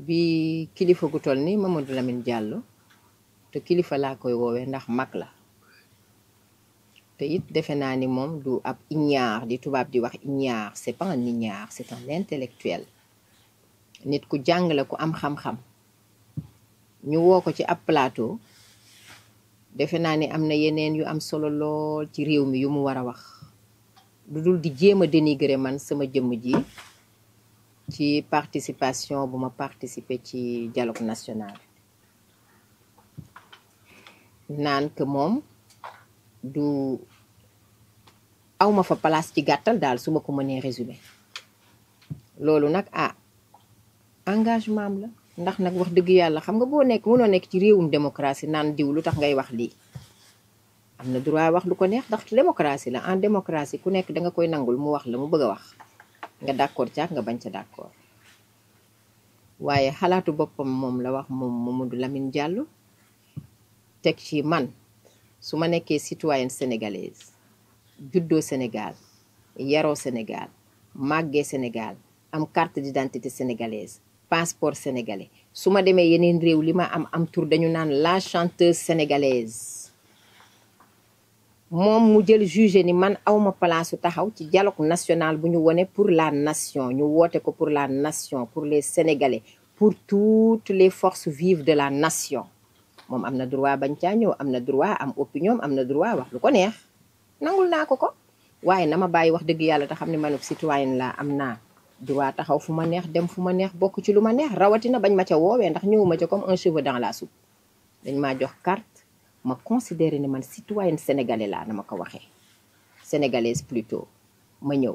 bi kilifa gu toll ni Mamadou Lamine Diallo te kilifa laa koy woowee ndax mag la te it defe naa ni moom du ab ignare di tubaab di wax ignare c'est pas un ignare c'est un intellectuel nit ku jàng la ku am xam-xam ñu woo ko ci ab plateau defe naa ni am na yeneen yu am solo lool ci réew mi yu mu war a wax lu dul di jéem a dénigrer man sama jëmm ji ci participation bu ma participer ci dialogue national naan que moom du awma fa place ci gàttal daal su ma ko mënee résumé loolu nag ah engagement am la ndax nag wax dëgg yàlla xam nga boo nekk mënoo nekk ci réewum démocratie naan diw lu tax ngay wax lii am na droit wax lu ko neex ndax démocratie la en démocratie ku nekk danga koy nangul mu wax la mu bëgg a wax nga d'accord caak nga bañ ca d'accord waaye xalaatu boppam moom la wax moom Mamadou lamin jàll teg ci man su ma nekkee citoyenne sénégalaise juddoo Sénégal yaroo Sénégal màggee Sénégal am carte d'identité sénégalaise passeport sénégalais su ma demee yeneen réew li ma am am tur dañu naan la chanteuse sénégalaise moom mu jël jugé ni man awma place taxaw ci dialogue national bu ñu wone pour la nation ñu woote ko pour la nation pour les sénégalais pour toutes les forces vives de la nation moom am na droit bañ caa ñëw am na droit am opinion am na droit wax lu ko neex nangul naa ko ko waaye na ma bàyyi wax dëgg yàlla te xam ne manub citoyen la am naa droit taxaw fu ma neex dem fu ma neex bokk ci lu ma neex rawatina bañ ma ca woowee ndax ñëwuma ca comme un cheveu dans la soupe dañ maa jox ma considéré ne man citoyenne sénégalais laa na ma ko waxee sénégalaise plutôt ma ñëw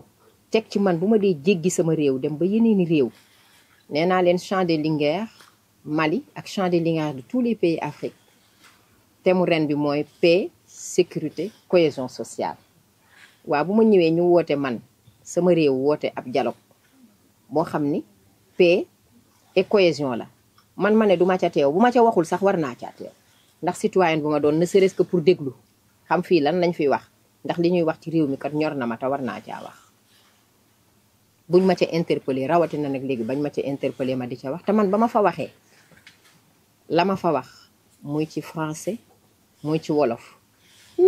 teg ci man bu ma dee jéggi sama réew dem ba yeneeni réew nee naa leen champ de Linguère Mali ak champ de Linguère de tous les pays te mu ren bi mooy paix sécurité cohésion sociale waaw bu ma ñëwee ñu woote man sama réew woote ab dialogue boo xam ni paix et cohésion la man ma ne du ma ca teew bu ma ca waxul sax war naa ca teew ndax citoyen bu ma doon na serait-ce que pour déglu xam fii lan lañ fiy wax ndax li ñuy wax ci réew mi kat ñor na ma te war naa caa wax buñ ma ca interpellé rawatina nag léegi bañ ma ca interpellé ma di ca wax te man ba ma fa waxee la ma fa wax muy ci français muy ci wolof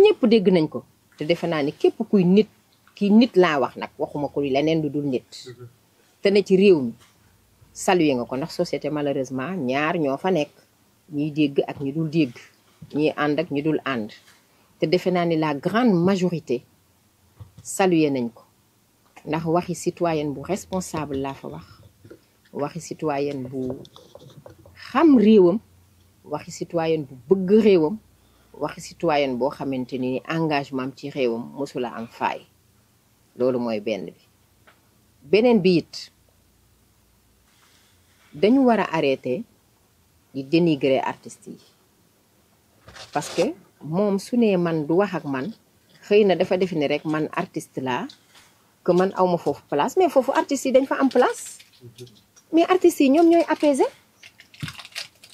ñëpp dégg nañ ko te defe naa ni képp kuy nit kii nit laa wax nag waxuma ko leneen lu dul nit mm-hmm. te ne ci réew mi saluer nga ko ndax société malheureusement ñaar ñoo fa nekk ñuy dégg ak ñu dul dégg ñuy ànd ak ñi dul ànd te defe naa ni la grande majorité saluer nañ ko ndax waxi citoyenne bu responsable laa fa wax waxi citoyenne bu xam réewam waxi citoyenne bu bëgg réewam waxi citoyenne boo xamante ni engagement ci réewam mosula am faay loolu mooy benn bi beneen bi it dañu war a arrêter di dénigrer artistes yi parce que moom su nee man du wax ak man xëy na dafa defe ni rek man artist la que man awma foofu place mais foofu artistes yi dañ fa am place mais artistes yi ñoom ñooy apaiser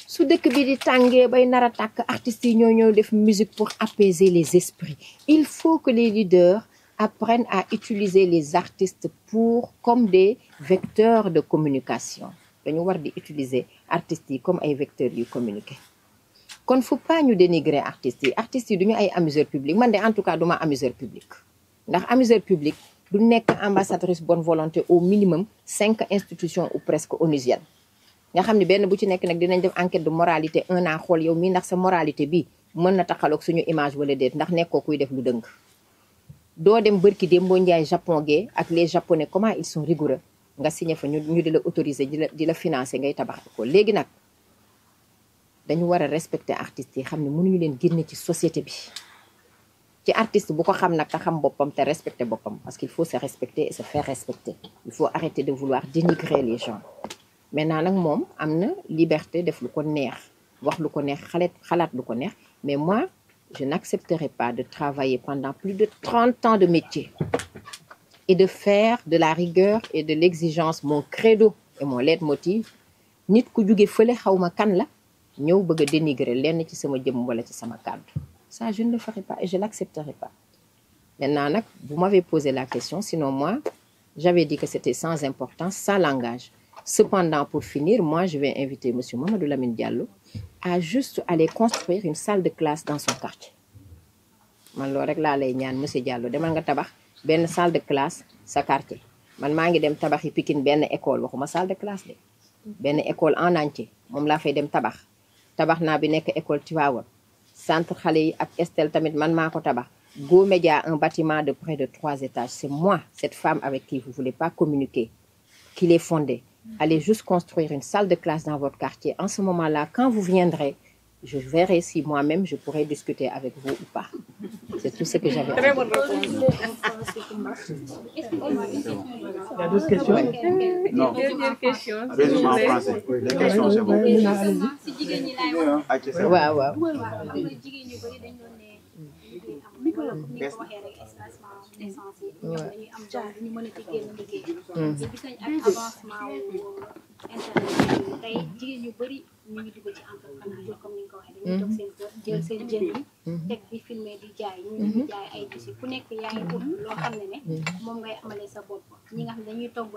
su dëkk bi di tàngee bay nar a tàkk artistes yi ñoo ñooy def musique pour apaiser les esprits il faut que les leaders apprennent à utiliser les artistes pour comme des vecteurs de communication dañu war di utiliser artistes yi comme ay vecteurs yu communiquer kon fu pas ñu dénigrer artistes yi artistes yi du ñu ay amuseur public man de en tout cas duma amuseur public ndax amuseur public du nekk ambassadrice bonne volonté au minimum cinq institutions ou presque onusiennes nga xam ne benn bu ci nekk nag dinañ def enquête du moralité un an xool yow mi ndax sa moralité bi mën na taxaloog suñu image wala déet ndax nekkoo kuy def lu dëng doo dem bërki démboo njaay japon ak les japonais comment ils sont nga signé fa ñu ñu di la autoriser di la di la financer ngay tabax école léegi nag dañu war a respecter artistes yi xam ne mënuñu leen génne ci société bi ci artiste bu ko xam nag te xam boppam te respecter boppam parce qu'il faut se respecter et se faire respecter il faut arrêter de vouloir dénigrer les gens maintenant nag moom am na liberté def lu ko neex wax lu ko neex xalaat lu ko neex mais moi je n'accepterai pas de travailler pendant plus de trente ans de métier et de faire de la rigueur et de l'exigence mon credo et mon leitmotiv nit ku jóge xaw ma kan la ñëw bëgg a dénigrer lenn ci sama jëm wala ci sama kàddu sa je ne le ferai pas et je l'accepterai pas maintenant nag vous m'avez posé la question sinon moi j'avais dit que c'était sans importance sans langage cependant pour finir moi je vais inviter monsieur Mamadou Lamine jàllo à juste aller construire une salle de classe dans son quartier man loolu rek laa lay ñaan monsieur Diallo demal nga tabax benn salle de classe sa quartier man maa ngi dem tabax tabaxi Pikine benn école waxuma salle de classe de benn école en entier moom laa fay dem tabax tabax naa bi nekk école Tivaouane centre xale yi ak Estelle tamit man maa ko tabax Go dia un bâtiment de près de trois étages c'est moi cette femme avec qui vous voulez pas communiquer qui l'ai fondée allez juste construire une salle de classe dans votre quartier en ce moment là quand vous viendrez je verrai si moi-même je pourrai discuter avec vous ou pas. C'est tout ce que j'avais. Très bonne réponse. Il y a d'autres questions Non. Dernière question. Résumé en français. Les questions, c'est bon. waaw waaw. waaw. ñu toog seen kër jël seen mhm. jën yi mhm. mhm. nekk yaa nga xam ne dañuy togg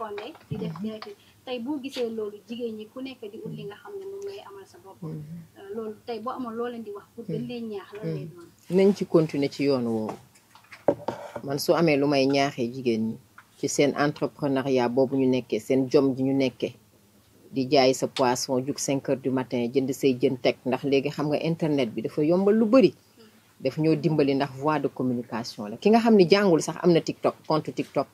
añ tey boo gisee loolu jigéen ñi ku nekk di ut li nga xam ne moom ngay amal sa bopp euh, loolu tey boo amoon loo leen di wax pour gën leen ñaax lan lay doon nañ ci continuer ci yoonu woowu man su amee lu may ñaaxee jigéen ñi ci seen yaa boobu ñu nekkee seen jom ji ñu nekkee di jaay sa poisson jug 5 heures du matin jënd say jën teg ndax léegi xam nga internet bi dafa yombal lu bëri daf ñoo dimbali ndax voie de communication la ki nga xam ni jàngul sax am na TikTok compte TikTok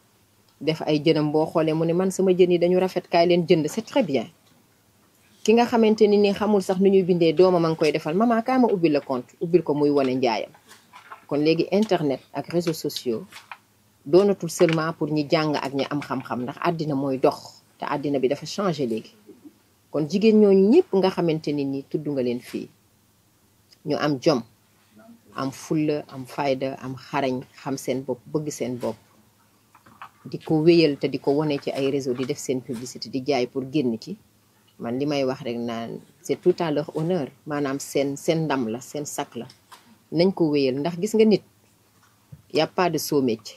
def ay jënam boo xoolee mu ne man sama jën yi dañu rafet kaay leen jënd c'est très bien ki nga xamante ni ni xamul sax nu ñuy bindee dooma ma ngi koy defal ma maakaama ma ubbil la compte ubbil ko muy wane njaayam kon léegi internet ak réseaux sociaux doonatul seulement pour ñi jàng ak ñi am xam-xam ndax àddina mooy dox te àddina bi dafa changé léegi kon jigéen ñooñu ñëpp nga xamante ne ni tudd nga leen fii ñu am jom am fulla am fayda am xarañ xam seen bopp bëgg seen bopp di ko wéyal te di ko wane ci ay réseau di def seen publicité di jaay pour génn ci man li may wax rek naan c'est tout à leur honneur maanaam seen seen ndam la seen sac la nañ ko wéyal ndax gis nga nit y a pas de sot métier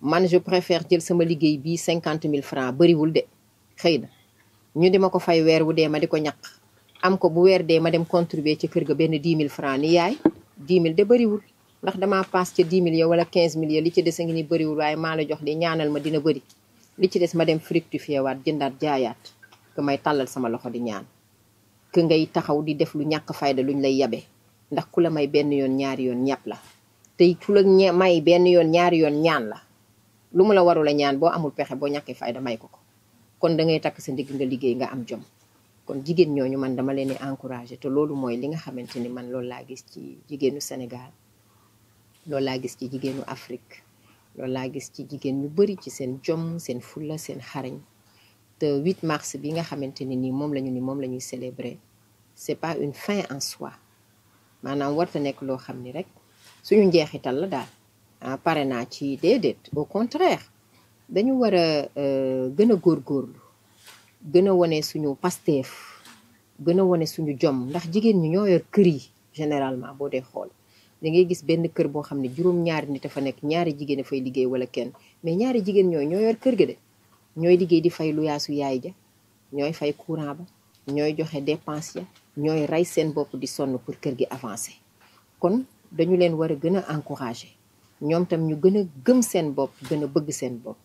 man je préfère jël sama liggéey bi cinquante mille francs bariwul de xëy na ñu di ma ko fay weer wu dee ma di ko ñaq am ko bu weer dee ma dem contribuer ci kër ga benn dix mille francs ni yaay dix mille de bëriwul ndax damaa pass ca dix mille ya wala quinze mille ya li ci des a ngi ni bëriwul waaye maa la jox di ñaanal ma dina bëri li ci des ma dem fructifier waat jëndaat jaayaat que may tàllal sama loxo di ñaan que ngay taxaw di def lu ñàkk fayda luñ lay yabe ndax ku la may benn yoon ñaari yoon ñàpp la tey ku benn yoon ñaari yoon ñaan la lu mu la warul ñaan boo amul pexe boo ñàkkee fayda may ko ko kon da takk sa ndigg nga liggéey nga am jom kon jigéen ñooñu man dama leen di encourager te loolu mooy li nga xamante ni man loolu laa gis ci jigéenu Sénégal loolu laa gis ci jigéenu Afrique loolu laa gis ci jigéen ñu bari ci seen jom seen fulla seen xarañ te 8 mars bi nga xamante ne nii moom la ñu ni moom la ñuy célébrer c'est pas une fin en soi maanaam warta nekk loo xam ni rek suñu njeexital la daal ah pare naa ci déedéet au contraire dañu war a euh, gën a góorgóorlu gën a wane suñu pasteef gën a wane suñu jom ndax jigéen ñi ñoo yor kër yi généralement boo dee xool da ngay gis benn kër boo xam ne juróom-ñaari nit a fa nekk ñaari jigéen a fay liggéey wala kenn mais ñaari jigéen ñooy ñoo yor kër gi de ñooy liggéey di fay lu yaasu yaay ja ñooy fay courant ba ñooy joxe dépense ya ñooy rey seen bopp di sonn pour kër gi avancé kon dañu leen war a gën a encourager ñoom tam ñu gën a gëm seen bopp gën a bëgg seen bopp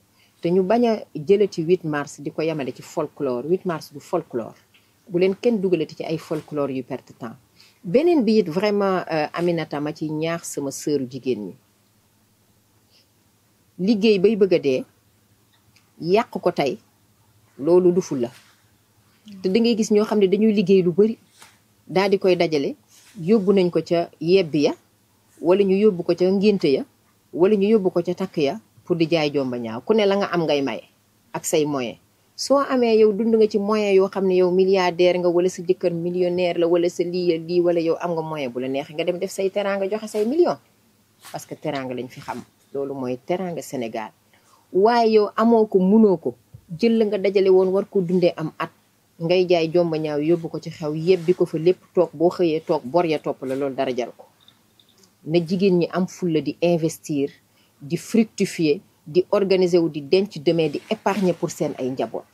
te ñu bañ a jële ci 8 mars di ko yemale ci folklore 8 mars du folklore bu leen kenn dugalati ci ay folklore yu perte temps beneen bi it vraiment euh, Aminata ma ci ñaax sama sëru jigéen ñi liggéey bay bëgg a dee yàq ko tey loolu du ful la te da gis ñoo xam ne dañuy liggéey lu bari daal di koy dajale yóbbu nañ ko ca yebbi ya walla ñu yóbbu ko ca ngénte ya wala ñu yóbbu ko ca takk ya pour di jaay jomba ñaaw ku ne la nga am ngay may ak say moyen soo amee yow dund nga ci moyen yoo xam ne yow milliardaire nga wala sa jëkkër millionnaire la wala sa lii lii wala yow am nga moyen bu la neexee nga dem def say teraanga joxe say million parce que teraanga lañ fi xam loolu mooy teraanga Sénégal waaye yow amoo ko munoo ko jël la nga dajale woon war ko dundee am at ngay jaay jomba ñaaw yóbbu ko ci xew yebbi ko fa lépp toog boo xëyee toog bor ya topp la loolu dara jaru ko na jigéen ñi am fulla di investir di fructifier di organiser wu di denc demee di épargner pour seen ay njaboot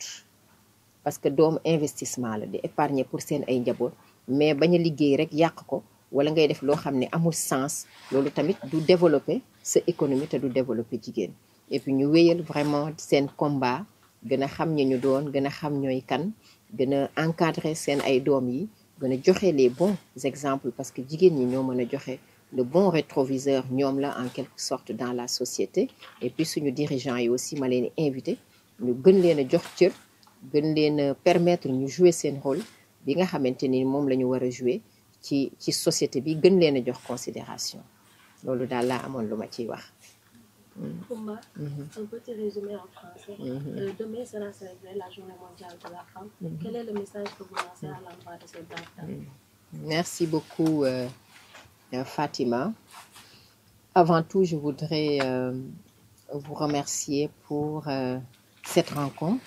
parce que doomu investissement la di épargner pour seen ay njaboot mais bañ liggéey rek yàq ko wala ngay def loo xam ne amul sens loolu tamit du développer sa économie te du développer jigéen et puis ñu wéyal vraiment seen combat gën a xam ñi ñu doon gën a xam ñooy kan gën a encadrer seen ay doom yi gën joxe les bon exemple parce que jigéen ñi ñoo mën a joxe de bons rétroviseurs ñoom la en quelque sorte dans la société et puis suñu dirigeants yi aussi ma leen invité ñu gën leen a jox cër gën leen a permettre ñu jouer seen rôle bi nga xamante ni moom la ñu war a jouer ci ci société bi gën leen a jox considération loolu daal laa amoon lu ma ciy wax. Mm-hmm. Pour mm-hmm. euh, mm-hmm. beaucoup. Euh, Euh, Fatima. Avant tout, je voudrais euh, vous remercier pour euh, cette rencontre